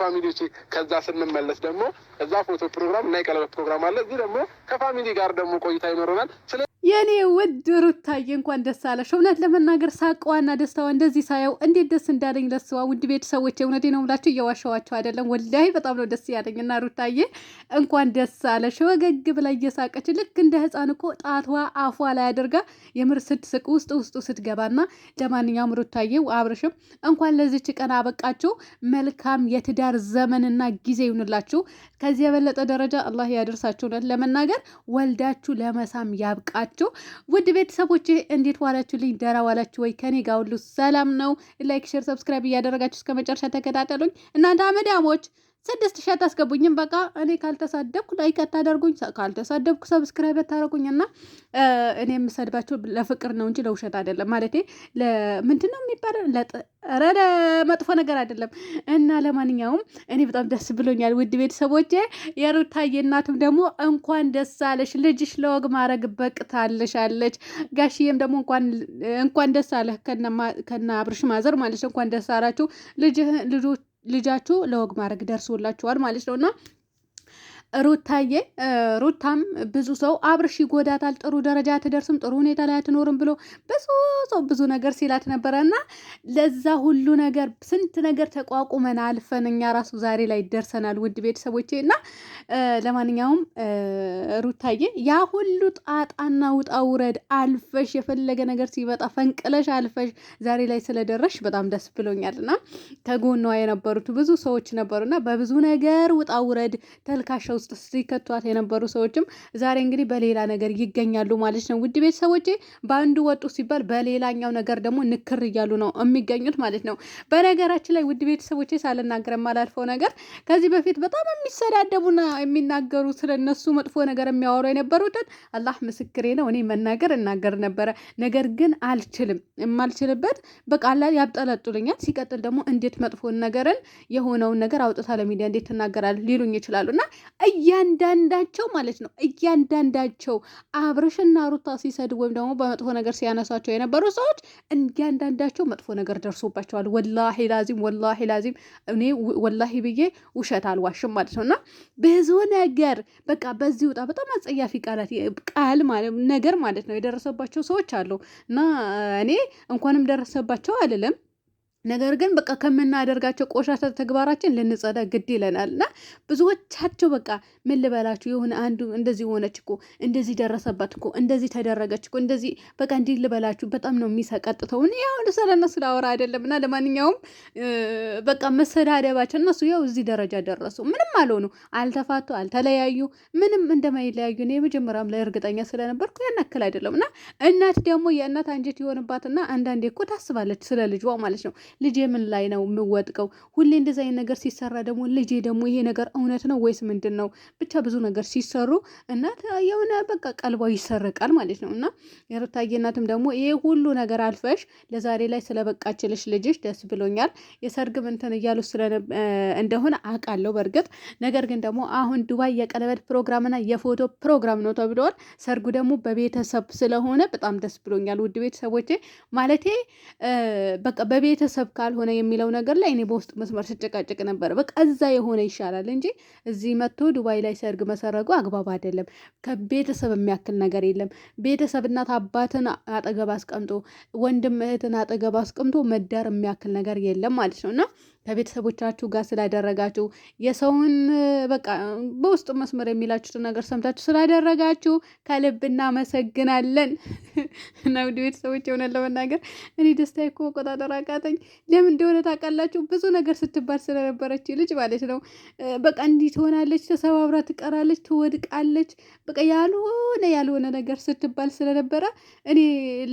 ፋሚሊዎች ከዛ ስንመለስ ደግሞ እዛ ፎቶ ፕሮግራም እና የቀለበት ፕሮግራም አለ። እዚህ ደግሞ ከፋሚሊ ጋር ደግሞ ቆይታ ይኖረናል። የኔ ውድ ሩታዬ እንኳን ደስ አለሽ። እውነት ለመናገር ሳቀዋና ደስታዋ እንደዚህ ሳየው እንዴት ደስ እንዳለኝ ለስዋ ውድ ቤተሰቦች እውነቴ ነው ምላቸው እየዋሸዋቸው አይደለም። ወላሂ በጣም ነው ደስ ያለኝ እና ሩታዬ እንኳን ደስ አለሽ። ወገግ ብላ እየሳቀች ልክ እንደ ሕፃን እኮ ጣቷ አፏ ላይ አድርጋ የምር ስትስቅ ውስጥ ውስጡ ስትገባና ለማንኛውም ሩታዬ አብርሽም እንኳን ለዚች ቀን አበቃችሁ። መልካም የትዳር ዘመንና ጊዜ ይሁንላችሁ። ከዚህ የበለጠ ደረጃ አላህ ያደርሳችሁ። እውነት ለመናገር ወልዳችሁ ለመሳም ያብቃችሁ። ናችሁ? ውድ ቤተሰቦች እንዴት ልኝ ደራ ዋላችሁ ወይ? ከኔ ጋር ሁሉ ሰላም ነው። ላይክ፣ ሼር፣ ሰብስክራይብ እያደረጋችሁ እስከ መጨረሻ ተከታተሉኝ እናንተ አመዳሞች። ስድስት ሺህ አታስገቡኝም። በቃ እኔ ካልተሳደብኩ ላይክ አታደርጉኝ፣ ካልተሳደብኩ ሰብስክራይብ አታደርጉኝ። እና እኔ የምሰድባቸው ለፍቅር ነው እንጂ ለውሸት አይደለም። ማለቴ ምንድን ነው የሚባለው? ኧረ ለመጥፎ ነገር አይደለም። እና ለማንኛውም እኔ በጣም ደስ ብሎኛል፣ ውድ ቤተሰቦቼ። የሩታዬ እናትም ደግሞ እንኳን ደስ አለሽ፣ ልጅሽ ለወግ ማድረግ በቅታለሽ አለች። ጋሽዬም ደግሞ እንኳን ደስ አለህ ከነ አብርሽ ማዘር ማለት እንኳን ደስ አላችሁ ልጆች ልጃችሁ ለወግ ማድረግ ደርሶላችኋል ማለት ነው እና ሩታዬ ሩታም ብዙ ሰው አብርሽ ይጎዳታል፣ ጥሩ ደረጃ አትደርስም፣ ጥሩ ሁኔታ ላይ አትኖርም ብሎ ብዙ ሰው ብዙ ነገር ሲላት ነበረ እና ለዛ ሁሉ ነገር ስንት ነገር ተቋቁመን አልፈን እኛ ራሱ ዛሬ ላይ ደርሰናል። ውድ ቤተሰቦቼ እና ለማንኛውም ሩታዬ ያ ሁሉ ጣጣና ውጣ ውረድ አልፈሽ የፈለገ ነገር ሲመጣ ፈንቅለሽ አልፈሽ ዛሬ ላይ ስለደረሽ በጣም ደስ ብሎኛል እና ከጎኗ የነበሩት ብዙ ሰዎች ነበሩና በብዙ ነገር ውጣ ውረድ ተልካሸው ውስጥ ሲከቷት የነበሩ ሰዎችም ዛሬ እንግዲህ በሌላ ነገር ይገኛሉ ማለት ነው። ውድ ቤተሰቦች በአንዱ ወጡ ሲባል በሌላኛው ነገር ደግሞ ንክር እያሉ ነው የሚገኙት ማለት ነው። በነገራችን ላይ ውድ ቤተሰቦች ሳልናገር የማላልፈው ነገር ከዚህ በፊት በጣም የሚሰዳደቡና የሚናገሩ ስለነሱ መጥፎ ነገር የሚያወሩ የነበሩትን አላህ ምስክሬ ነው እኔ መናገር እናገር ነበረ። ነገር ግን አልችልም። የማልችልበት በቃ ያብጠለጡልኛል። ሲቀጥል ደግሞ እንዴት መጥፎን ነገርን የሆነውን ነገር አውጥታ ለሚዲያ እንዴት ትናገራል ሊሉኝ ይችላሉ እና እያንዳንዳቸው ማለት ነው እያንዳንዳቸው አብርሽና ሩታ ሲሰድ ወይም ደግሞ በመጥፎ ነገር ሲያነሳቸው የነበሩ ሰዎች እያንዳንዳቸው መጥፎ ነገር ደርሶባቸዋል። ወላሂ ላዚም ወላሂ ላዚም እኔ ወላሂ ብዬ ውሸት አልዋሽም ማለት ነው። እና ብዙ ነገር በቃ በዚህ ውጣ በጣም አጸያፊ ቃላት ቃል ነገር ማለት ነው የደረሰባቸው ሰዎች አሉ እና እኔ እንኳንም ደረሰባቸው አልልም ነገር ግን በቃ ከምናደርጋቸው ቆሻሻ ተግባራችን ልንጸዳ ግድ ይለናል እና ብዙዎቻቸው በቃ ምን ልበላችሁ የሆነ አንዱ እንደዚህ ሆነች እኮ እንደዚህ ደረሰባት እኮ እንደዚህ ተደረገች እኮ እንደዚህ በቃ እንዲህ ልበላችሁ በጣም ነው የሚሰቀጥተው። እኔ አሁን ስለነሱ አይደለም እና ለማንኛውም በቃ መሰዳደባቸው እነሱ ያው እዚህ ደረጃ ደረሱ። ምንም አልሆኑ፣ አልተፋቱ፣ አልተለያዩ ምንም እንደማይለያዩ እኔ የመጀመሪያም ላይ እርግጠኛ ስለነበርኩ ያን ያክል አይደለም እና እናት ደግሞ የእናት አንጀት የሆንባትና አንዳንዴ እኮ ታስባለች ስለ ልጇ ማለት ነው ልጄ ምን ላይ ነው የምወጥቀው? ሁሌ እንደዚ አይነት ነገር ሲሰራ ደግሞ ልጄ ደግሞ ይሄ ነገር እውነት ነው ወይስ ምንድን ነው? ብቻ ብዙ ነገር ሲሰሩ እናት የሆነ በቃ ቀልቧ ይሰረቃል ማለት ነው። እና የሩታዬ እናትም ደግሞ ይሄ ሁሉ ነገር አልፈሽ ለዛሬ ላይ ስለበቃችልሽ ልጅሽ ደስ ብሎኛል። የሰርግም እንትን እያሉ እንደሆነ አውቃለሁ በእርግጥ ነገር ግን ደግሞ አሁን ዱባይ የቀለበት ፕሮግራምና የፎቶ ፕሮግራም ነው ተብለዋል። ሰርጉ ደግሞ በቤተሰብ ስለሆነ በጣም ደስ ብሎኛል ውድ ቤተሰቦቼ ማለቴ በቃ በቤተሰብ ቤተሰብ ካልሆነ የሚለው ነገር ላይ እኔ በውስጥ መስመር ስጨቃጨቅ ነበር። በቃ እዛ የሆነ ይሻላል እንጂ እዚህ መጥቶ ዱባይ ላይ ሰርግ መሰረጉ አግባብ አይደለም። ከቤተሰብ የሚያክል ነገር የለም። ቤተሰብ እናት አባትን አጠገብ አስቀምጦ ወንድም እህትን አጠገብ አስቀምጦ መዳር የሚያክል ነገር የለም ማለት ነው እና ከቤተሰቦቻችሁ ጋር ስላደረጋችሁ የሰውን በቃ በውስጡ መስመር የሚላችሁትን ነገር ሰምታችሁ ስላደረጋችሁ ከልብ እናመሰግናለን። እና ውድ ቤተሰቦች የሆነ ለመናገር እኔ ደስታ እኮ መቆጣጠር አቃተኝ። ለምን እንደሆነ ታውቃላችሁ? ብዙ ነገር ስትባል ስለነበረች ልጅ ማለት ነው። በቃ እንዲህ ትሆናለች፣ ተሰባብራ ትቀራለች፣ ትወድቃለች። በቃ ያልሆነ ያልሆነ ነገር ስትባል ስለነበረ እኔ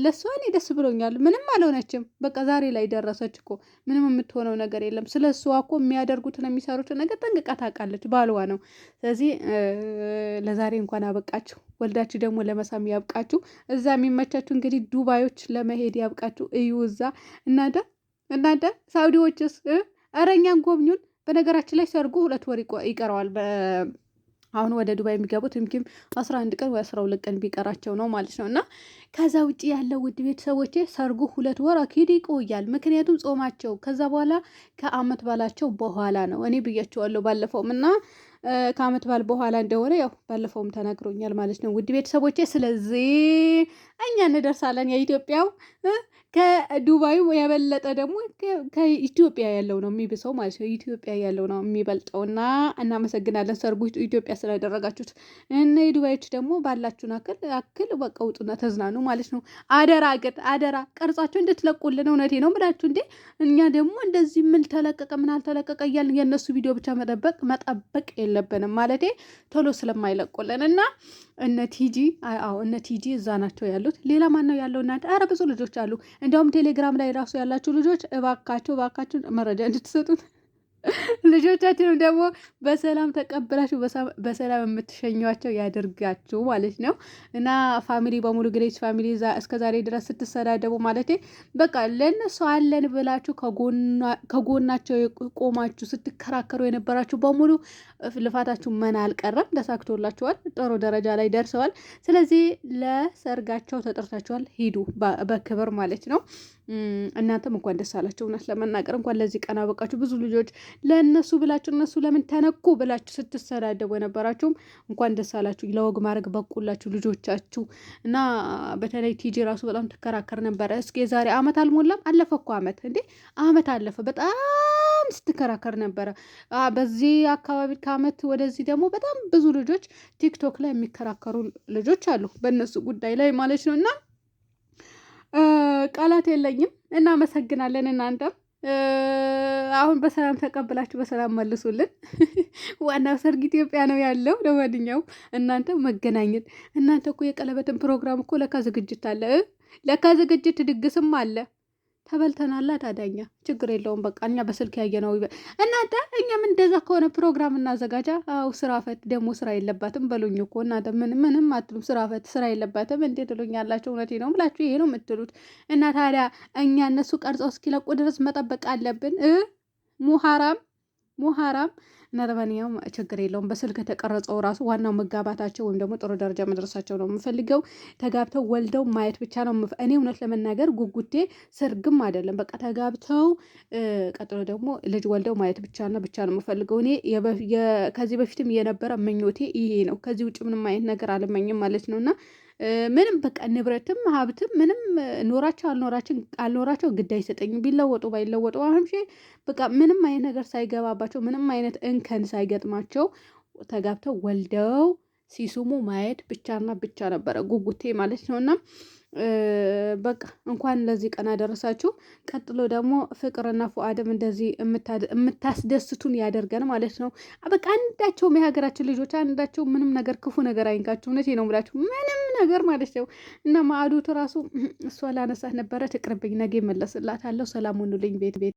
ለሷ እኔ ደስ ብሎኛል። ምንም አልሆነችም። በቃ ዛሬ ላይ ደረሰች እኮ ምንም የምትሆነው ነገር የለም። አይደለም። ስለ እሷ እኮ የሚያደርጉትን የሚሰሩትን ነገር ጠንቅቃ ታውቃለች። ባልዋ ነው። ስለዚህ ለዛሬ እንኳን አበቃችሁ። ወልዳችሁ ደግሞ ለመሳም ያብቃችሁ። እዛ የሚመቻችሁ እንግዲህ ዱባዮች ለመሄድ ያብቃችሁ። እዩ እዛ እናንተ እናንተ ሳውዲዎችስ እረኛን ጎብኙን። በነገራችን ላይ ሰርጉ ሁለት ወር ይቀረዋል። አሁን ወደ ዱባይ የሚገቡት ምኪም አስራ አንድ ቀን ወይ አስራ ሁለት ቀን ቢቀራቸው ነው ማለት ነው። እና ከዛ ውጭ ያለው ውድ ቤተሰቦች ሰርጉ ሁለት ወር አኪድ ይቆያል። ምክንያቱም ጾማቸው ከዛ በኋላ ከአመት ባላቸው በኋላ ነው። እኔ ብያቸዋለሁ ባለፈውም እና ከአመት በዓል በኋላ እንደሆነ ያው ባለፈውም ተናግሮኛል ማለት ነው። ውድ ቤተሰቦቼ ስለዚህ እኛ እንደርሳለን። የኢትዮጵያው ከዱባዩ የበለጠ ደግሞ ከኢትዮጵያ ያለው ነው የሚብሰው ማለት ነው። ኢትዮጵያ ያለው ነው እና እናመሰግናለን። ሰርጉ ኢትዮጵያ ስላደረጋችሁት እና የዱባዮች ደግሞ ባላችሁን አክል አክል በቃ ውጡና ተዝናኑ ማለት ነው። አደራ ግን አደራ ቀርጻችሁ እንድትለቁልን እውነቴ ነው ምላችሁ እንዴ። እኛ ደግሞ እንደዚህ ምን ተለቀቀ ምን አልተለቀቀ እያልን የእነሱ ቪዲዮ ብቻ መጠበቅ መጠበቅ የለ የለብንም ማለት ቶሎ ስለማይለቁልን እና እነ ቲጂ አዎ እነ ቲጂ እዛ ናቸው ያሉት። ሌላ ማን ነው ያለው? እናንተ አረ ብዙ ልጆች አሉ። እንዲያውም ቴሌግራም ላይ ራሱ ያላችሁ ልጆች እባካችሁ እባካችሁ መረጃ እንድትሰጡት ልጆቻችንም ደግሞ በሰላም ተቀብላችሁ በሰላም የምትሸኟቸው ያደርጋችሁ ማለት ነው። እና ፋሚሊ በሙሉ ግሬች ፋሚሊ እስከ ዛሬ ድረስ ስትሰዳደቡ ማለት በቃ ለእነሱ አለን ብላችሁ ከጎናቸው የቆማችሁ ስትከራከሩ የነበራችሁ በሙሉ ልፋታችሁ መን አልቀረም፣ ተሳክቶላችኋል። ጥሩ ደረጃ ላይ ደርሰዋል። ስለዚህ ለሰርጋቸው ተጠርታችኋል። ሂዱ በክብር ማለት ነው። እናንተም እንኳን ደስ አላችሁ። እውነት ለመናገር እንኳን ለዚህ ቀን አበቃችሁ ብዙ ልጆች ለእነሱ ብላችሁ እነሱ ለምን ተነኩ ብላችሁ ስትሰዳደቡ የነበራችሁም እንኳን ደስ አላችሁ። ለወግ ማድረግ በቁላችሁ ልጆቻችሁ እና በተለይ ቲጂ ራሱ በጣም ትከራከር ነበረ። እስኪ የዛሬ አመት አልሞላም አለፈ እኮ አመት እንዴ አመት አለፈ በጣም በጣም ስትከራከር ነበረ። በዚህ አካባቢ ከአመት ወደዚህ ደግሞ በጣም ብዙ ልጆች ቲክቶክ ላይ የሚከራከሩ ልጆች አሉ፣ በእነሱ ጉዳይ ላይ ማለት ነው። እና ቃላት የለኝም። እናመሰግናለን እናንተም አሁን በሰላም ተቀብላችሁ በሰላም መልሱልን። ዋናው ሰርግ ኢትዮጵያ ነው ያለው። ለማንኛውም እናንተ መገናኘት እናንተ እኮ የቀለበትን ፕሮግራም እኮ ለካ ዝግጅት አለ፣ ለካ ዝግጅት ድግስም አለ። ተበልተናላ ታዳኛ ችግር የለውም። በቃ እኛ በስልክ ያየ ነው እናንተ። እኛም እንደዛ ከሆነ ፕሮግራም እናዘጋጃ። አው ስራ ፈት ደግሞ ስራ የለባትም በሉኝ እኮ እናንተ። ምን ምንም አትሉም። ስራ ፈት ስራ የለባትም እንዴ ትሉኛላችሁ? እውነቴ ነው ብላችሁ ይሄ ነው የምትሉት። እና ታዲያ እኛ እነሱ ቀርጸው እስኪለቁ ድረስ መጠበቅ አለብን ሙሀራም ሙሃራም ነርበኒያ ችግር የለውም። በስልክ የተቀረጸው ራሱ ዋናው መጋባታቸው ወይም ደግሞ ጥሩ ደረጃ መድረሳቸው ነው የምፈልገው። ተጋብተው ወልደው ማየት ብቻ ነው። እኔ እውነት ለመናገር ጉጉቴ ሰርግም አይደለም፣ በቃ ተጋብተው ቀጥሎ ደግሞ ልጅ ወልደው ማየት ብቻና ብቻ ነው የምፈልገው። እኔ ከዚህ በፊትም የነበረ ምኞቴ ይሄ ነው። ከዚህ ውጭ ምንም አይነት ነገር አልመኝም ማለት ነው እና ምንም በቃ ንብረትም ሀብትም ምንም ኖራቸው አልኖራቸው አልኖራቸው ግድ አይሰጠኝም። ቢለወጡ ባይለወጡ አሁን በቃ ምንም አይነት ነገር ሳይገባባቸው ምንም አይነት እንከን ሳይገጥማቸው ተጋብተው ወልደው ሲስሙ ማየት ብቻና ብቻ ነበረ ጉጉቴ ማለት ነው እና በቃ እንኳን ለዚህ ቀን አደረሳችሁ። ቀጥሎ ደግሞ ፍቅርና ፉአድም እንደዚህ የምታስደስቱን ያደርገን ማለት ነው። በቃ አንዳቸውም የሀገራችን ልጆች አንዳቸው ምንም ነገር ክፉ ነገር አይንካችሁ። እውነቴ ነው የምላችሁ ምንም ነገር ማለት ነው። እና ማዕዶቱ ራሱ እሷ ላነሳት ነበረ። ትቅርብኝ፣ ነገ እመለስላታለሁ። ሰላም ሁኑልኝ ቤት ቤት